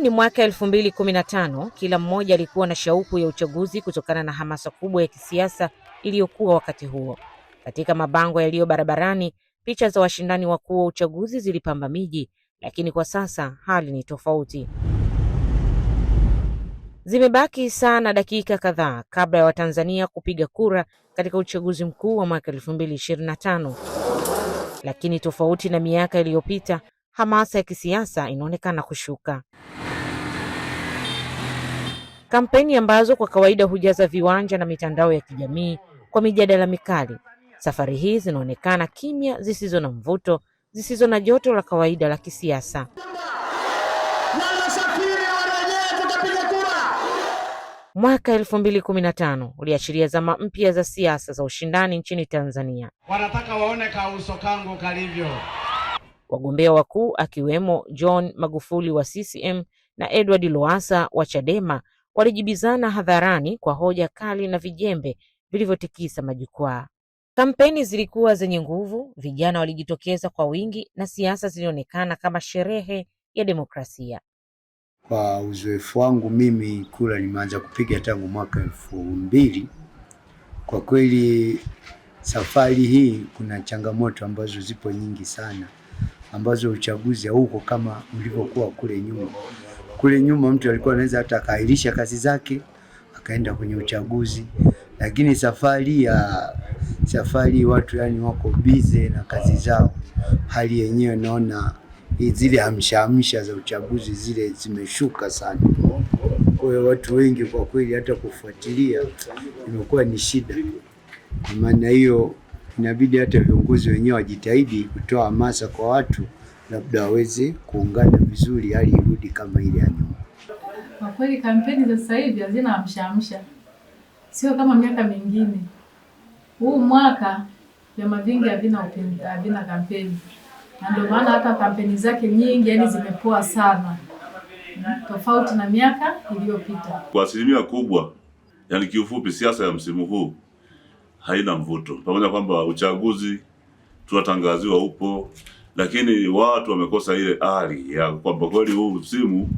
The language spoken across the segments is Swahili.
ni mwaka 2015 kila mmoja alikuwa na shauku ya uchaguzi kutokana na hamasa kubwa ya kisiasa iliyokuwa wakati huo. Katika mabango yaliyo barabarani, picha za washindani wakuu wa uchaguzi zilipamba miji, lakini kwa sasa hali ni tofauti. Zimebaki sana dakika kadhaa kabla ya Watanzania kupiga kura katika uchaguzi mkuu wa mwaka 2025. Lakini tofauti na miaka iliyopita, hamasa ya kisiasa inaonekana kushuka kampeni ambazo kwa kawaida hujaza viwanja na mitandao ya kijamii kwa mijadala mikali, safari hii zinaonekana kimya, zisizo na mvuto, zisizo na joto la kawaida la kisiasa. Mwaka elfu mbili kumi na tano uliashiria zama mpya za siasa za ushindani nchini Tanzania. Wanataka waone kauso kangu kalivyo. Wagombea wakuu akiwemo John Magufuli wa CCM na Edward Lowassa wa Chadema walijibizana hadharani kwa hoja kali na vijembe vilivyotikisa majukwaa. Kampeni zilikuwa zenye nguvu, vijana walijitokeza kwa wingi na siasa zilionekana kama sherehe ya demokrasia. Kwa uzoefu wangu mimi, kura nimeanza kupiga tangu mwaka elfu mbili. Kwa kweli safari hii kuna changamoto ambazo zipo nyingi sana, ambazo uchaguzi hauko kama ulivyokuwa kule nyuma. Kule nyuma mtu alikuwa anaweza hata akaahirisha kazi zake akaenda kwenye uchaguzi, lakini safari ya safari watu yani wako bize na kazi zao. Hali yenyewe naona zile hamshahamsha za uchaguzi zile zimeshuka sana. Kwa hiyo watu wengi kwa kweli hata kufuatilia imekuwa ni shida. Kwa maana hiyo inabidi hata viongozi wenyewe wajitahidi kutoa hamasa kwa watu labda waweze kuungana vizuri, hali irudi kama ile ya nyuma. Kwa kweli kampeni za sasa hivi hazina amshaamsha, sio kama miaka mingine. Huu mwaka vyama vingi havina havina kampeni, na ndio maana hata kampeni zake nyingi yani zimepoa sana, tofauti na miaka iliyopita kwa asilimia kubwa. Yani kiufupi, siasa ya msimu huu haina mvuto, pamoja kwamba uchaguzi tunatangaziwa upo lakini watu wamekosa ile ari ya kwamba kweli huu msimu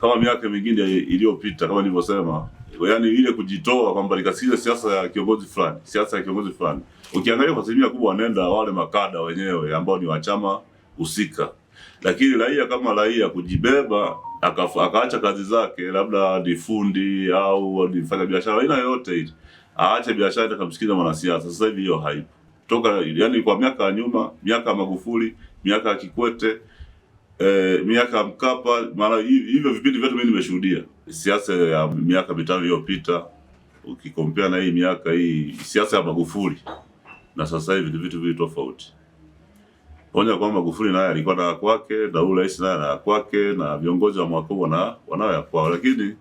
kama miaka mingine iliyopita, kama nilivyosema, yani ile kujitoa kwamba nikasikiza siasa ya kiongozi fulani, siasa ya kiongozi fulani. Ukiangalia kwa asilimia kubwa wanaenda wale makada wenyewe ambao ni wachama chama husika, lakini raia kama raia kujibeba akaacha kazi zake, labda ni fundi au ni biashara aina yoyote ile, aache biashara akamsikiza mwanasiasa. Sasa hivi hiyo haipo toka, yani kwa miaka ya nyuma, miaka ya Magufuli miaka ya Kikwete eh, miaka ya Mkapa, mara hivyo vipindi vyote mimi nimeshuhudia. Siasa ya miaka mitano iliyopita ukikompea na hii miaka hii siasa ya Magufuli na sasa hivi ni vitu vitu tofauti. Onya kwamba Magufuli naye alikuwa na kwake na huyu rais naye na kwake na viongozi wa mwaka na wanao ya kwao, lakini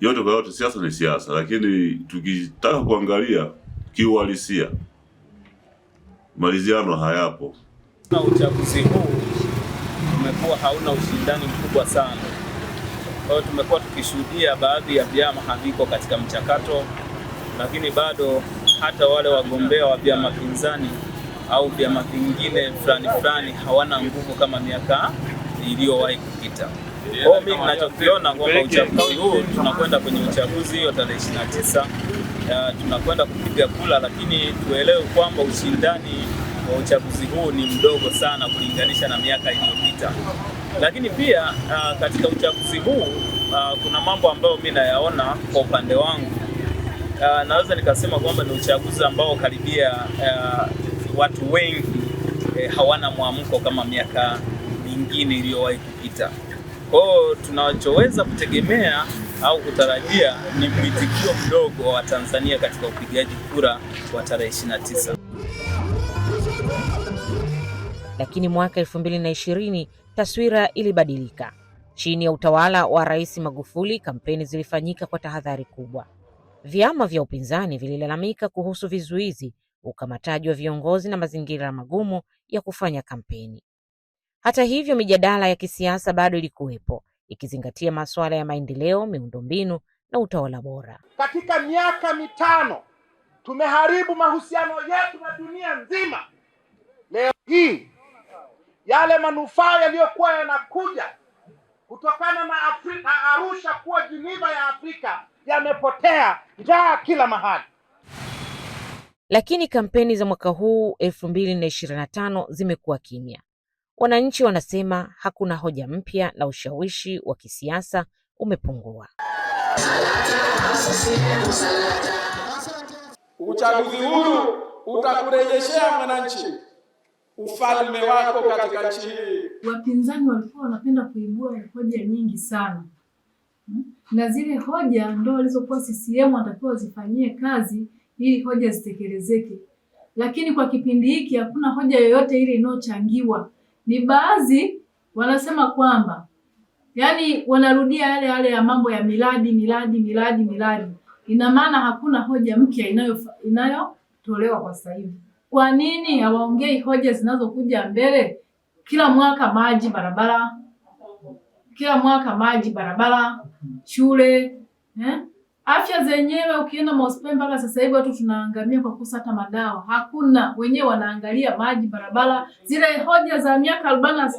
yote kwa yote siasa ni siasa, lakini tukitaka kuangalia kiuhalisia maliziano hayapo. Na uchaguzi huu umekuwa hauna ushindani mkubwa sana, kwa hiyo tumekuwa tukishuhudia baadhi ya vyama haviko katika mchakato, lakini bado hata wale wagombea wa vyama pinzani au vyama vingine fulani fulani hawana nguvu kama miaka iliyowahi kupita. Kwa mimi ninachokiona kwamba uchaguzi huu tunakwenda kwenye uchaguzi hiyo tarehe 29 eh, tunakwenda kupiga kula, lakini tuelewe kwamba ushindani kwa uchaguzi huu ni mdogo sana kulinganisha na miaka iliyopita. Lakini pia uh, katika uchaguzi huu uh, kuna mambo ambayo mimi nayaona kwa upande wangu uh, naweza nikasema kwamba ni uchaguzi ambao karibia uh, watu wengi eh, hawana mwamko kama miaka mingine iliyowahi kupita. Kwa hiyo tunachoweza kutegemea au kutarajia ni mwitikio mdogo wa Watanzania katika upigaji kura wa tarehe 29 lakini mwaka 2020 taswira ilibadilika. Chini ya utawala wa Rais Magufuli, kampeni zilifanyika kwa tahadhari kubwa. Vyama vya upinzani vililalamika kuhusu vizuizi, ukamataji wa viongozi na mazingira magumu ya kufanya kampeni. Hata hivyo, mijadala ya kisiasa bado ilikuwepo, ikizingatia masuala ya maendeleo, miundombinu na utawala bora. Katika miaka mitano tumeharibu mahusiano yetu na dunia nzima. Leo hii yale manufaa yaliyokuwa yanakuja kutokana na Afrika, Arusha kuwa Geneva ya Afrika yamepotea, njaa kila mahali. Lakini kampeni za mwaka huu elfu mbili na ishirini na tano zimekuwa kimya. Wananchi wanasema hakuna hoja mpya na ushawishi wa kisiasa umepungua. Uchaguzi huu utakurejeshea mwananchi ufalme wako katika nchi hii. Wapinzani walikuwa wanapenda kuibua hoja nyingi sana hmm? na zile hoja ndo walizokuwa CCM watakiwa zifanyie kazi ili hoja zitekelezeke, lakini kwa kipindi hiki hakuna hoja yoyote ile inayochangiwa. Ni baadhi wanasema kwamba yani wanarudia yale yale ya mambo ya miradi miradi miradi miradi. Ina maana hakuna hoja mpya inayo inayotolewa kwa sasa hivi. Kwa nini hawaongei hoja zinazokuja mbele? Kila mwaka maji barabara, kila mwaka maji barabara, shule eh? Afya zenyewe ukienda mahospitali mpaka sasa hivi watu tunaangamia kwa kosa hata madawa hakuna. Wenyewe wanaangalia maji barabara, zile hoja za miaka arobaini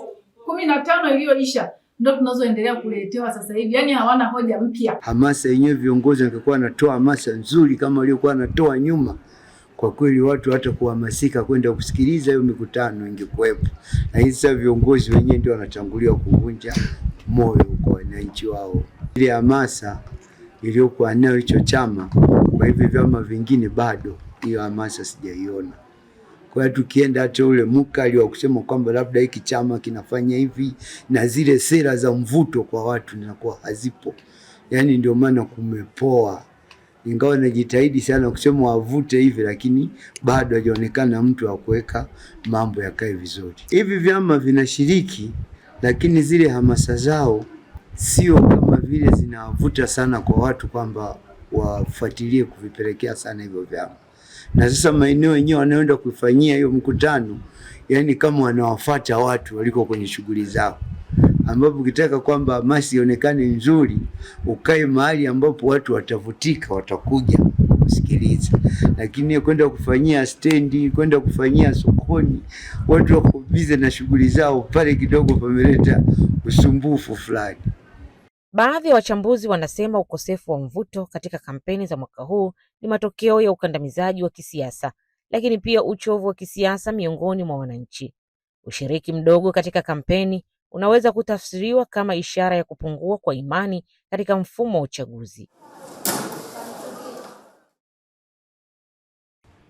kumi na tano iliyoisha ndo tunazoendelea kuletewa sasa hivi, yaani hawana hoja mpya. Hamasa yenyewe viongozi wangekuwa wanatoa hamasa nzuri kama waliokuwa wanatoa nyuma kwa kweli watu hata kuhamasika kwenda kusikiliza hiyo mikutano ingekuwepo, na hizi sasa viongozi wenyewe ndio wanachangulia kuvunja moyo kwa wananchi wao, ile hamasa iliyokuwa nayo hicho chama. Kwa hivyo vyama vingine bado hiyo hamasa sijaiona. Kwa hiyo tukienda hata ule mkali wa kusema kwamba labda hiki chama kinafanya hivi na zile sera za mvuto kwa watu zinakuwa hazipo, yaani ndio maana kumepoa ingawa najitahidi sana kusema wavute hivi, lakini bado hajaonekana mtu wa kuweka mambo yakae vizuri. Hivi vyama vinashiriki, lakini zile hamasa zao sio kama vile zinawavuta sana kwa watu kwamba wafuatilie kuvipelekea sana hivyo vyama. Na sasa maeneo yenyewe wanaenda kuifanyia hiyo mkutano, yani kama wanawafuata watu waliko kwenye shughuli zao ambapo ukitaka kwamba masi ionekane nzuri, ukae mahali ambapo watu watavutika, watakuja kusikiliza. Lakini kwenda kufanyia stendi, kwenda kufanyia sokoni, watu wako bize na shughuli zao, pale kidogo pameleta usumbufu fulani. Baadhi ya wachambuzi wanasema ukosefu wa mvuto katika kampeni za mwaka huu ni matokeo ya ukandamizaji wa kisiasa, lakini pia uchovu wa kisiasa miongoni mwa wananchi. Ushiriki mdogo katika kampeni unaweza kutafsiriwa kama ishara ya kupungua kwa imani katika mfumo wa uchaguzi.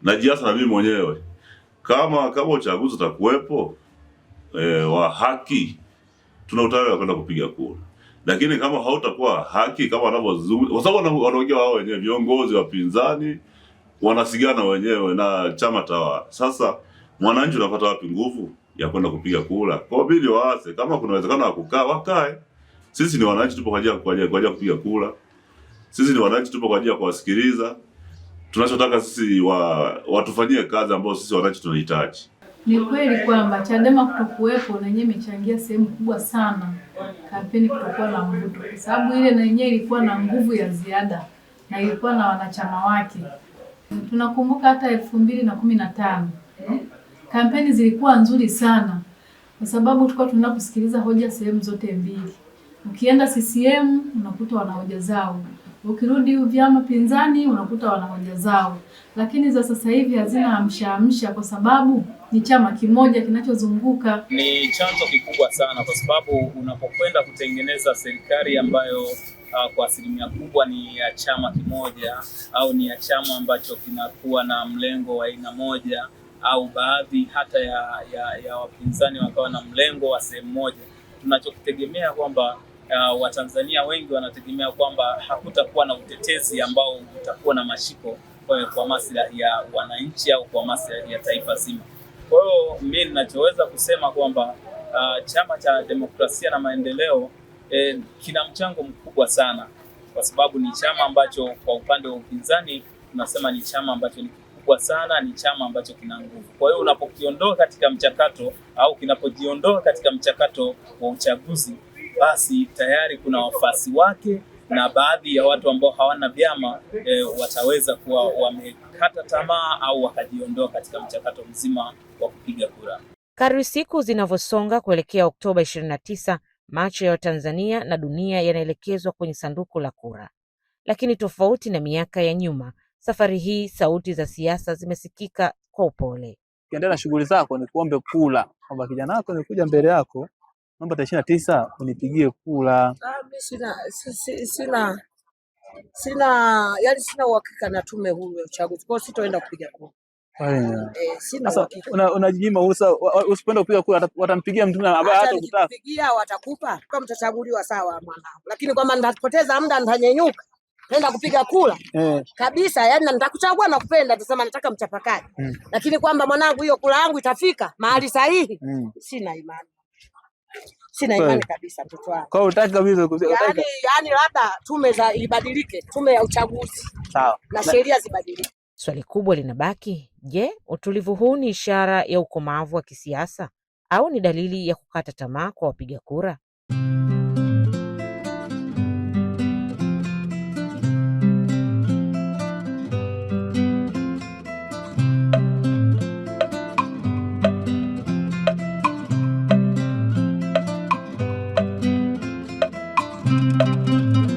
Najiasa na mimi mwenyewe kama kama uchaguzi utakuwepo e, wa haki, tuna utayari wa kwenda kupiga kura, lakini kama hautakuwa haki kama wanavyozungumza, kwa sababu wanaongea wao wenyewe, viongozi wapinzani wanasigana wenyewe na chama tawala. Sasa mwananchi unapata wapi nguvu? ya kwenda kupiga kura. Kwa bili waase kama kuna uwezekano wa kukaa wakae. Sisi ni wananchi tupo kwa ajili kwa ajili kupiga kura. Sisi ni wananchi tupo kwa ajili ya kuwasikiliza. Tunachotaka sisi wa, watufanyie kazi ambayo sisi wananchi tunahitaji. Ni kweli kwamba Chadema kutokuwepo na yeye imechangia sehemu kubwa sana kampeni kutokuwa na mvuto, kwa sababu ile na yeye ilikuwa na nguvu ya ziada na ilikuwa na wanachama wake. Tunakumbuka hata elfu mbili na kumi na tano Kampeni zilikuwa nzuri sana kwa sababu tulikuwa tunaenda kusikiliza hoja sehemu zote mbili. Ukienda CCM unakuta wana hoja zao, ukirudi vyama pinzani unakuta wana hoja zao, lakini za sasa hivi hazina amsha amsha, kwa sababu ni chama kimoja kinachozunguka. Ni chanzo kikubwa sana, kwa sababu unapokwenda kutengeneza serikali ambayo Uh, kwa asilimia kubwa ni ya chama kimoja au ni ya chama ambacho kinakuwa na mlengo wa aina moja au baadhi hata ya, ya, ya wapinzani wakawa na mlengo wa sehemu moja. Tunachokitegemea kwamba uh, Watanzania wengi wanategemea kwamba hakutakuwa na utetezi ambao utakuwa na mashiko kwa, eh, kwa maslahi ya wananchi au kwa maslahi ya taifa zima. Kwa hiyo mimi ninachoweza kusema kwamba uh, Chama cha Demokrasia na Maendeleo eh, kina mchango mkubwa sana, kwa sababu ni chama ambacho kwa upande wa upinzani tunasema ni chama ambacho ni kikubwa sana, ni chama ambacho kina nguvu. Kwa hiyo unapokiondoa katika mchakato au kinapojiondoa katika mchakato wa uchaguzi, basi tayari kuna wafasi wake na baadhi ya watu ambao hawana vyama e, wataweza kuwa wamekata tamaa au wakajiondoa katika mchakato mzima wa kupiga kura. Kadri siku zinavyosonga kuelekea Oktoba 29, macho ya Watanzania na dunia yanaelekezwa kwenye sanduku la kura, lakini tofauti na miaka ya nyuma Safari hii sauti za siasa zimesikika kwa upole. Ukiendelea na shughuli zako, ni kuombe kula kwamba kijana wako nikuja mbele yako, namba tarehe ishirini na tisa unipigie kula. Ah, sina, sina, sina, yani sina uhakika na tume huru ya uchaguzi, kwa hiyo sitoenda kupiga kula. Eh, Sasa unajinyima usa usipenda kupiga kura, watampigia mtu na ambaye hata kutaka. kupigia watakupa kama mtachaguliwa, sawa mwanangu, lakini kwamba nitapoteza muda nitanyenyuka naenda kupiga kula eh, kabisa yani nataka kuchagua na kupenda, nasema nataka mchapakaji mm. Lakini kwamba mwanangu, hiyo kula yangu itafika mahali sahihi mm. Sina imani, sina imani kabisa mtoto wangu. Kwa hiyo kabisa kusema yani, yani labda tume za ibadilike, tume ya uchaguzi sawa, na sheria zibadilike. Swali kubwa linabaki, je, utulivu huu ni ishara ya ukomavu wa kisiasa au ni dalili ya kukata tamaa kwa wapiga kura? Música